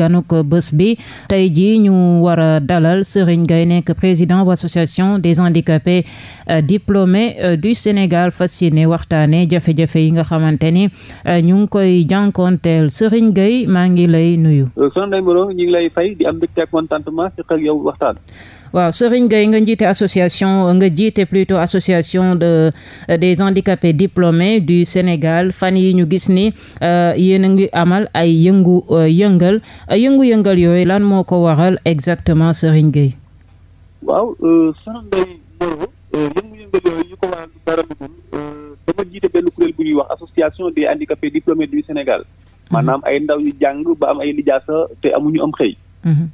ganu ko bés bi tey ji ñu war a dalal Serigne gay nekk président bu association des handicapés euh, diplômés euh, du Sénégal fas yéene waxtaane jafe-jafe yi nga xamante ni euh, ñu ngi koy jànkonteel sëriñ gay maa ngi lay nuyu. ñu lay fay di am mbégte ak contentement ci xel yow waxtaan. waaw Serigne Gueye nga njiite association nga jiite plutôt association de euh, des handicapés diplômés du Sénégal fan yi ñu gis ni euh, yéen a ngi amal ay yëngu euh, yëngal yëngu-yëngal yooyu lan moo ko waral exactement Serigne Gueye waaw Serigne Gueye Moreau yëngu-yëngal yooyu ñu ko waral dara dugul dama jiite benn kuréel bu ñuy wax association des handicapés diplômés du Sénégal mhm. maanaam ay ndaw ñu jàng ba am ay lijaasa te amuñu am xëy mhm.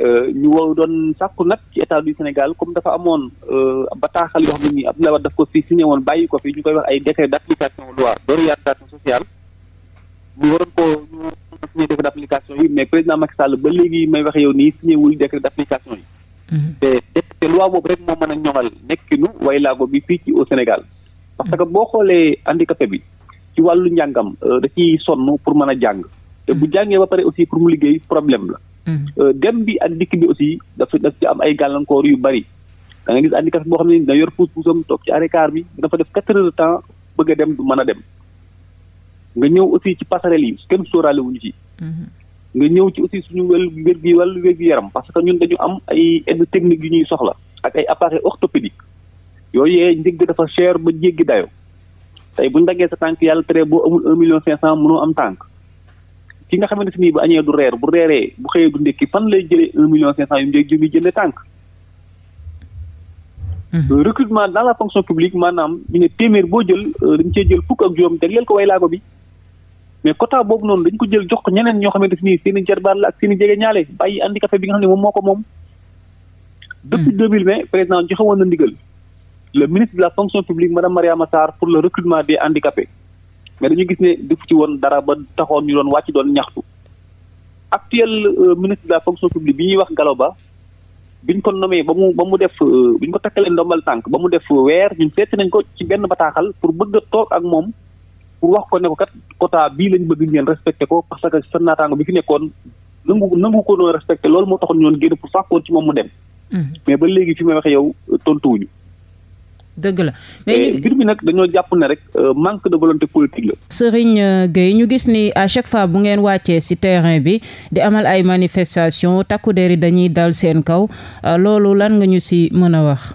Euh, ñu war doon sàkku nag ci état du Sénégal comme dafa amoon euh, bataaxal yoo xam ne nii Abdoulaye Wade daf ko fi signé woon bàyyi ko fi ñu koy wax ay décret d' application loi d'orientation sociale ñu waroon ko ñu signé décret d' application yi mais président Macky Sall ba léegi may wax yow nii signé wul décret d' application yi. Mm-hmm. te te loi boobu rek moo mën a ñoŋal nekkinu waylaago bi fii ci au Sénégal. parce que boo xoolee handicapé bi ci wàllu njàngam euh, da ciy sonn pour mën a jàng. te bu jàngee ba pare aussi pour mu liggéey problème la. Mm. Euh, dem bi ak dikk bi aussi dafa def ci am ay gàllankoor yu bari da nga gis handicapé boo xam ne dina yor puus puusam toog ci arrêt bi dafa def quatre heures de temps bëgg a dem du mën a dem nga ñëw aussi ci passerelle yi kenn sóoraale wuñu ci mm-hmm. nga ñëw ci aussi suñu wàllu wér gi wàllu wér gi yaram parce que ñun dañu am ay aide technique yu ñuy soxla ak ay appareil orthopédique yooyu yee njëg dafa cher ba jéggi dayo tey bu ñu daggee sa tànk yàlla tere boo amul un million cinq cent mënoo am tànk ki nga xamante ni bu añee du reer bu reeree bu xëyee du ndékki fan lay jëlee un million cinq cent yu njëkk jëmi jënde tànk hmm. euh, recrutement dans la fonction publique maanaam ñu ne téeméer boo jël euh, dañ cee jël fukk ak juróom jagleel ko way laago bi mais quota boobu noonu dañ ko jël jox ko ñeneen ñoo xamante ni seen i jarbaat la ak seen ne moom moo ko moom hmm. depuis deux mille vingt président woon na ndigal le ministre de la fonction publique madame Mariama mais dañu gis ne defu ci woon dara ba taxoon ñu doon wàcc doon ñaxtu actuel euh, ministre de la fonction publique bi ñuy wax Gallo Ba biñ ko nommé ba mu ba mu def euh, biñ ko takkalee ndombal tànk ba mu def weer ñu seet nañ ko ci benn bataaxal pour bëgg toog ak moom pour wax ko ne ko kat quota bii lañ bëgg ngeen respecté ko parce que sa naataango bi fi nekkoon nangu nangu ko doon respecté loolu moo taxoon ñoon génn pour fàkkoon ci moom mu dem mm-hmm. mais ba léegi fi may waxee yow tontuwuñu dëgg la mais mbir mi nag dañoo jàpp ne rek euh, manque de volonté politique la. Serigne euh, Gueye ñu gis ni à chaque fois bu ngeen wàccee ci terrain bi di amal ay manifestation takku der yi dañuy dal seen kaw euh, loolu lan nga ñu ci mën a wax.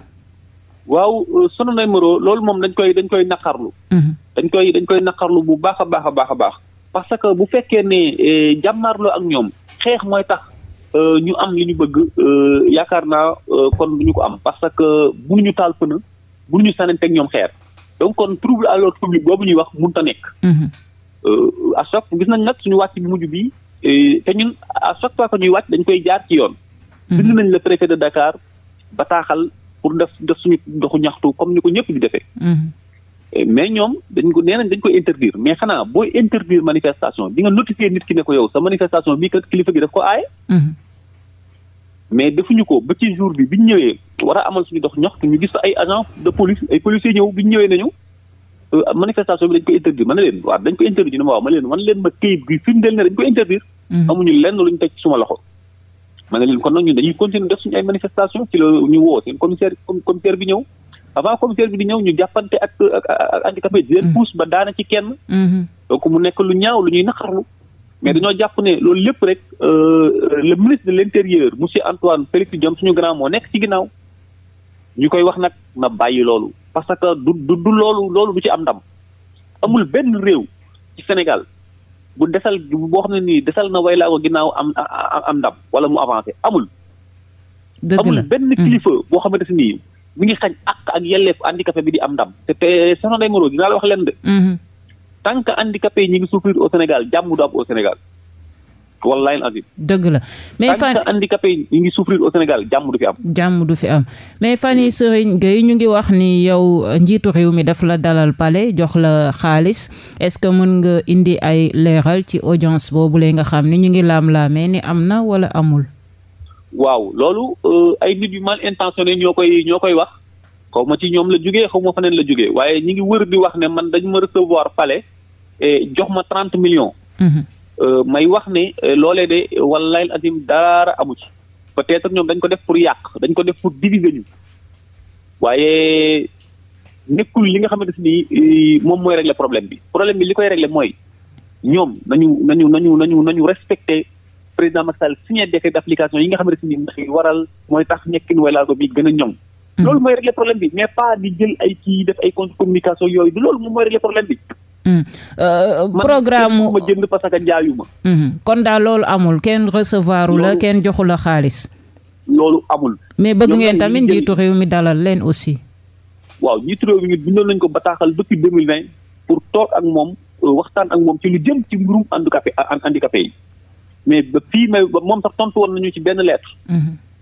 waaw sunu nay moro loolu moom dañ koy dañ koy naqarlu. Mhm. dañ koy dañ koy naqarlu bu baax a baax a baax a baax. parce que bu fekkee ne jàmmaarloo ak ñoom xeex mooy tax. ñu am li ñu bëgg yaakaar naa kon du ñu ko am parce que bu ñu taal pënë ñu mënuñu sànnanteeg ñoom xeer donc kon trouble à l'ordre public boobu ñuy wax mënut ta nekk. Mhm. Euh, à chaque gis nañ nag suñu wàcc bi mujj bi euh, te ñun à chaque fois que ñuy wàcc dañ koy jaar ci yoon. Mhm. bind nañ la préfet de Dakar bataaxal pour def def suñu doxu ñaxtu comme ni ko ñëpp di defee. Mhm. Euh, mais ñoom dañ ko nee nañ dañ koy interdire mais xanaa booy interdire manifestation di nga notifier nit ki ne ko yow sa manifestation bii kat kilifa gi daf ko aaye. mais defuñu ko ba ci jour bi bi ñu ñëwee war a amal suñu dox ñaxtu ñu gis fa ay agent de police ay policiers ñëw bi ñëwee nañu euh, manifestation bi dañ ko interdire ma ne leen waaw dañ ko interdire ñu ne ma waaw ma leen man leen ma këyit gi firndeel ne dañ ko interdire. Mm-hmm. amuñu lenn luñ teg ci suma loxo. ma ne leen kon nag ñun dañuy continuer def suñu ay manifestation ci la ñu woo seen commissaire commissaire bi ñëw avant commissaire bi di ñëw ñu jàppante ak ak handicapé di leen mm-hmm. pousse ba daana ci kenn. Mm-hmm. donc mu nekk lu ñaaw lu ñuy naqarlu. mais dañoo jàpp ne loolu lépp rek le ministre de l' intérieur monsieur Antoine Félix Diome suñu grand moo nekk ci ginnaaw ñu koy wax nag na bàyyi loolu parce que du du loolu loolu du ci am ndam amul benn réew ci Sénégal bu desal boo xam ne nii desal na way laa ko ginnaaw am ndam wala mu avancé amul. dëgg amul benn kilifa boo si nii mi ngi xañ ak ak yelleef handicapé bi di am ndam te te soxna Ndeye Moreau dinaa la wax leen de. tant que handicapé yi ñu ngi souffrir au Sénégal jàmm du am au Sénégal dëgg la mais fan tant que handicapé yi ñu ngi jàmm du fi am. mais fan yii Serigne ñu ngi wax ni yow njiitu réew mi daf la dalal pale jox la xaalis est-ce que mën nga indi ay leexal ci audience boobu lay nga xam ni ñu ngi laam-laamee ni am na wala amul. waaw loolu euh, ay nit mal intentionné ñoo koy ñoo koy wax. xaw ma ci ñoom la jógee xaw ma feneen la jógee waaye ñi ngi wër di wax ne man dañ ma recevoir palais jox ma trente millions. Mhm. Euh, may wax ne euh, loole de wallahi azim dara amu ci peut-être ñoom dañ ko def pour yàq dañ ko def pour diviser ñu waaye nekkul li nga xamante ni euh, moom mooy régler problème bi problème bi li koy régler mooy ñoom nañu nañu nañu nañu nañu respecté président Macky Sall signé defee d'application yi nga xamante ni ndax waral mooy tax ñekkin way ko bi gën a ñoŋ Hmm. loolu mooy régler problème bi mais pas di jël ay kii def ay contre communication yooyu du loolu moom mooy régler problème bi. Hmm. Euh, euh, programme ma jënd parce que jaayuma. Hmm. kon daal loolu amul kenn recevoiru la kenn joxu la xaalis. loolu amul. mais bëgg ngeen tamit njiitu réew mi dalal leen aussi. waaw njiitu réew mi bindoon nañ ko bataaxal depuis deux mille vingt pour toog ak moom euh, waxtaan ak moom ci lu jëm ci mbirum handicapé handicapé yi mais ba fii may moom sax tontu woon nañu ci benn lettre.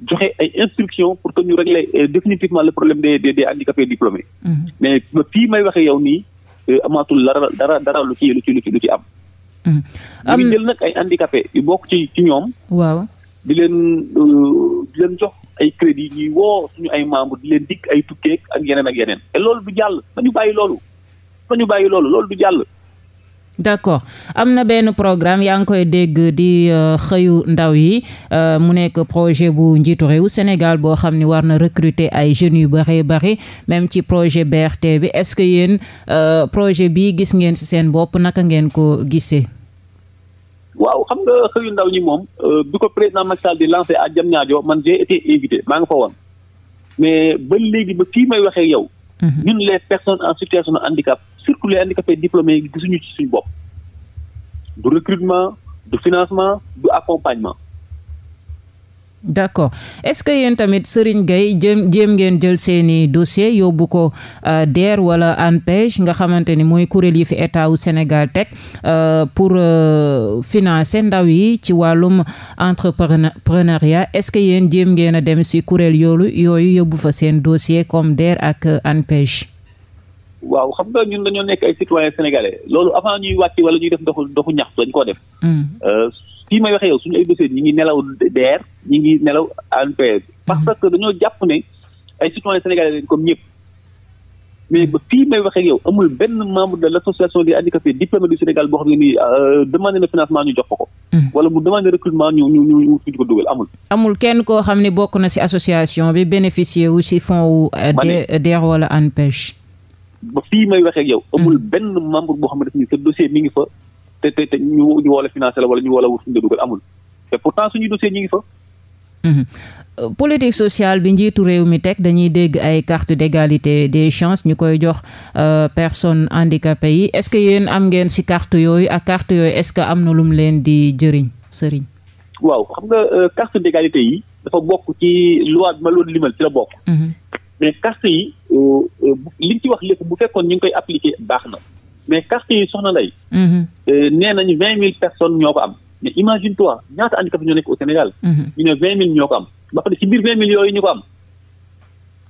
joxe ay instructions pour que ñu régler euh, définitivement le problème des des des handicapés diplômés. Mhm. mais fii may waxee yow nii euh, amaatul dara dara dara lu ci lu ci lu ci am. Mhm. am ñu jël nag ay handicapés yu bokk ci ci ñoom. waaw di leen euh, di leen jox ay crédit ñuy woo ñu ay membres di leen dikk ay tukkeek ak yeneen ak yeneen. te loolu du jàll nañu bàyyi loolu nañu bàyyi loolu loolu du jàll. d' accord am na benn programme yaa ngi koy dégg di euh, xëyu ndaw yi euh, mu nekk projet bu njiitu réew Sénégal boo xam ni war na recruter ay jeunes yu bari bari même ci projet BRT bi est ce que yéen euh, projet bi gis ngeen si seen bopp naka ngeen ko gisee. waaw xam nga xëyu ndaw ñi moom bi ko président Macky Sall di lancé à Diamniadio man j'ai été invité maa nga fa woon mais ba léegi ba fii may waxee yow Mhm. ñun les personnes en situation de handicap surtout les handicapés diplômés yi gisuñu ci suñu bopp du recrutement du financement du accompagnement d' accord est ce que yéen tamit Serigne Gueye jéem jéem ngeen jël seeni i dossier yóbbu ko euh, DER wala ANPEJ nga xamante ni mooy kuréel yi fi état wu Sénégal teg euh, pour euh, financer ndaw yi ci wàllum entrepreneuriat est ce que yéen jéem ngeen a dem si kuréel yoolu yooyu yóbbu fa seen dossier comme DER ak ANPEJ waaw xam nga ñun dañoo nekk ay citoyens sénégalais loolu avant ñuy wàcc wala ñuy def doxu doxu ñaxtu dañ koo def mm. fii may waxee yow suñu ay dossiers ñi ngi nelaw DER ñi ngi nelaw ANPS. parce mhm. que dañoo jàpp ne ay citoyens sénégalais lañ comme ñëpp. mais ba fii may waxee yow amul benn membre de l' association des handicapés diplômés du Sénégal boo xam ne nii euh, demandé na financement jox ko. Mhm. wala mu demandé recrutement ñu ñu ñu ñu ko dugal amul. amul kenn koo xam ne bokk na ci association bi bénéficier wu ci fonds wu. Euh, euh, DER wala ANPEJ. ba fii may waxee yow. amul mhm. benn membre boo xam ne nii sa dossier mi ngi fa. te te te ñu ñu wala financé la wala ñu wala wut fu ñu dugal amul te pourtant suñu dossier ñu ngi fa. Mhm. Euh, politique sociale bi njiitu réew mi teg dañuy dégg ay carte d'égalité des chances ñu koy jox euh, personnes handicapées yi est-ce que yéen am ngeen si carte yooyu ak carte yooyu est-ce que am na lum leen di jëriñ sëriñ. waaw xam nga euh, carte d'égalité yi dafa bokk ci loi bi ma loon limal ci la bokk. Mhm. mais carte yi liñ ci wax lépp bu fekkoon ñu ngi koy appliquer baax na. mais quartier yi soxna lay mm-hmm. euh, nee nañu vingt mille personnes ñoo ko am mais imagine toi ñaata handicapé ñoo nekk au Sénégal mm-hmm. ñu ne vingt mille ñoo ko am ba pare ci biir vingt mille yooyu ñu ko am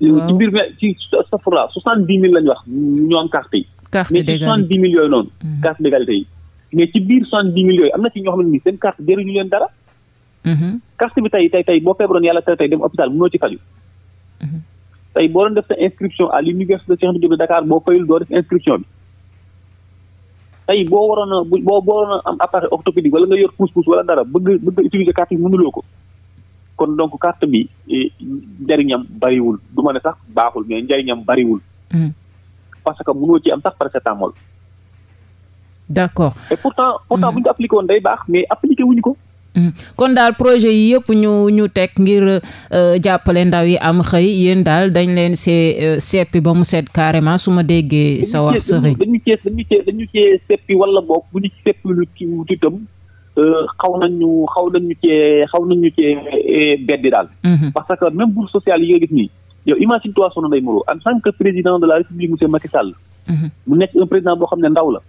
ci biir vingt ci safra soixante dix mille lañu wax ñoo am carte yi mais ci soixante dix mille yooyu noonu carte mm-hmm. d'égalité yi mais ci biir soixante dix mille yooyu am na ci ñoo xam ne ni seen carte jëriñu leen dara carte bi tey tey tey boo feebaroon yàlla tey tey dem hôpital mënoo ci faju tey boo doon def sa inscription à l'université boo fayul doo bi tey boo waroon a boo boo waroon a am appareil orthopédique wala nga yor pousse-pousse wala dara bëgg bëgg utiliser carte bi mënuloo ko kon donc carte bi eh, njariñam bariwul du ma ne sax baaxul mais njariñam bariwul. Hmm. parce que mënoo ci am sax paracétamol. d'accord. et pourtant pourtant hmm. bu ñu ko appliqué woon day baax mais appliqué wuñu ko. Mm. kon daal projet yi yëpp ñu ñu teg ngir euh, jàppale ndaw yi am xëy yéen daal dañ leen see euh, seppi ba mu set carrément su ma déggee sa wax sëriñ dañu cee dañu cee dañu cee seppi wala boog bu ñu ci seppi lu ci itam euh, xaw nañu xaw nañu cee xaw nañu cee eh, beddi daal mm-hmm. parce que même bourse sociale yi nga gis nii yow imagine toi Soxna Ndeye Moreau en tant que président de la République ma Macky Sall mm-hmm. mu nekk un président boo xam ne ndaw la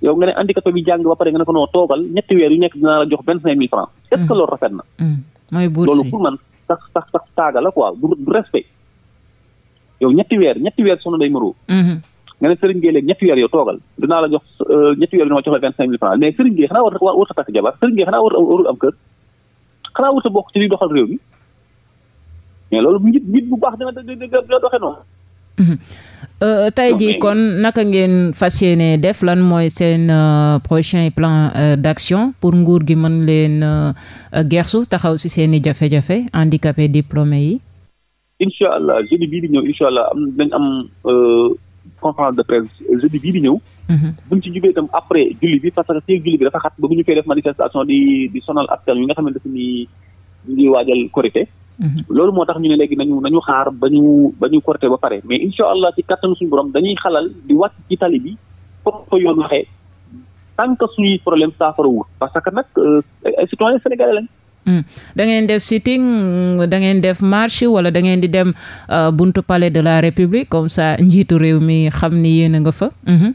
yow nga ne handicapé bi jàng ba pare nga ne ko noo toogal ñetti weer yu nekk dinaa la jox vingt cinq mille franc est-ce que mm. loolu rafet na mm. loolu pour man sax sax sax taaga la du respect yow ñetti weer ñetti weer soxna day maroo mm-hmm. nga ne Serigne Gueye léegi ñetti weer yow toogal dinaa la jox euh, ñetti weer bi ma jox la vingt cinq mille franc mais Serigne Gueye xanaa war war a takk jabar Serigne Gueye xanaa war warul am kër xanaa warut a bokk ci liy doxal réew mi mais loolu nit nit bu baax dina dina doxee Mhm. Euh, tey jii kon naka ngeen fas yéene def lan mooy seen euh, prochain plan euh, d'action pour nguur gi mën leen gersu taxaw si seen i jafe-jafe handicapé diplômé yi incha allah bii di ñëw incha allah am nañ am ñëw mhm. buñ ci jubee itam après julli bi parce que fii julli bi dafa xat ba bu ñu koy def manifestation di sonal askan wi nga xamante ni ñu ngi waajal korité Mm-hmm. loolu moo tax ñu ne léegi nañu nañu xaar ba ñu ba ñu corté ba pare mais incha allah ci kattanu suñu borom dañuy xalal di wàcc ci tali bi comme ko yoon waxee tant que suñuy problème saafarawul parce que nag euh, ay citoyen sénégalais lañ mm. da ngeen def sitting da ngeen def marche wala da ngeen di dem euh, buntu pale de la république comme ça njiitu réew mi xam ni yéen a nga fa. Mm-hmm.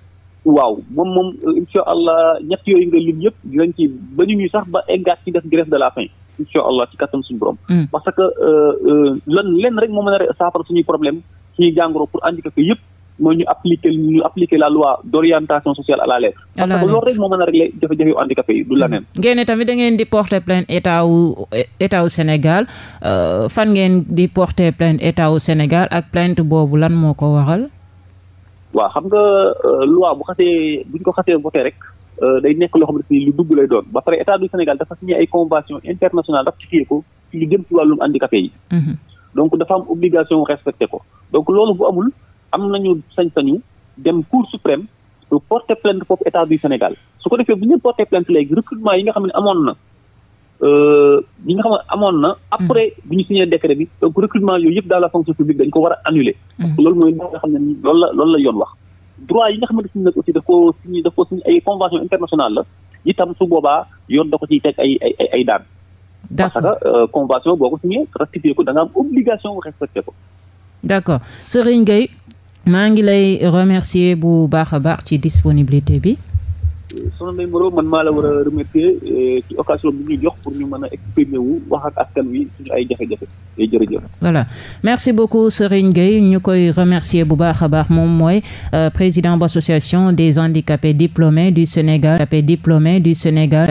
waaw moom moom incha allah ñett yooyu nga lim yëpp ba ñu sax ba eggaat ci def grève d la incha allah ci kattan suñu borom. Hmm. parce que euh, euh, lan lenn rek moom mën a saafara suñuy problème suñuy jàngoro pour handicapé yëpp mooy ñu appliquer ñu appliquer la loi d' orientation sociale à la lettre. parce que loolu rek moo mën a régler jafe-jafe yu yi du la neen. Hmm. ngeen tamit da di porter plainte état wu état wu Sénégal euh, fan ngeen di porter plainte état wu Sénégal ak plainte boobu lan moo ko waral. waaw xam nga loi bu xasee buñ ko xasee voté rek. Euh, day nekk loo xam ne lu dugg lay doon ba pare état du Sénégal dafa signé ay convention internationale ratifié ko ci lu jëm ci wàllum handicapé yi. Mhm. donc dafa am obligation respecté ko. donc loolu bu amul am na ñu sañ-sañu dem cour suprême pour porter plainte foofu état du Sénégal su ko defee bu ñu porter plainte léegi recrutement yi nga xam ne amoon na. ñi euh, nga xam ne amoon na. Mhm. après bu ñu signé décret bi. donc recrutement yooyu yëpp dans la fonction publique war a annuler. Mhm. xam ne loolu la loolu la yoon wax. droit yi nga xamante ne nag aussi daf koo signé daf koo signé ay convention internationale la tam su boobaa yoon da ko ciy teg ay ay ay daan. d'accord parce que euh, convention boo ko signé ratifié ko da nga am obligation respecté ko. d'accord Serigne Gueye maa ngi lay remercier bu baax a baax ci disponibilité bi. soxna Ndeye Moreau man maa la war a remercier eh, ci occasion bi ñu jox pour ñu mën a exprimer wax ak askan wi suñu ay jafe-jafe et eh, jërëjëf. voilà merci beaucoup Serigne Gueye ñu koy remercier bu baax a baax moom mooy euh, président bu association des handicapés diplômés du Sénégal. diplômés du Sénégal.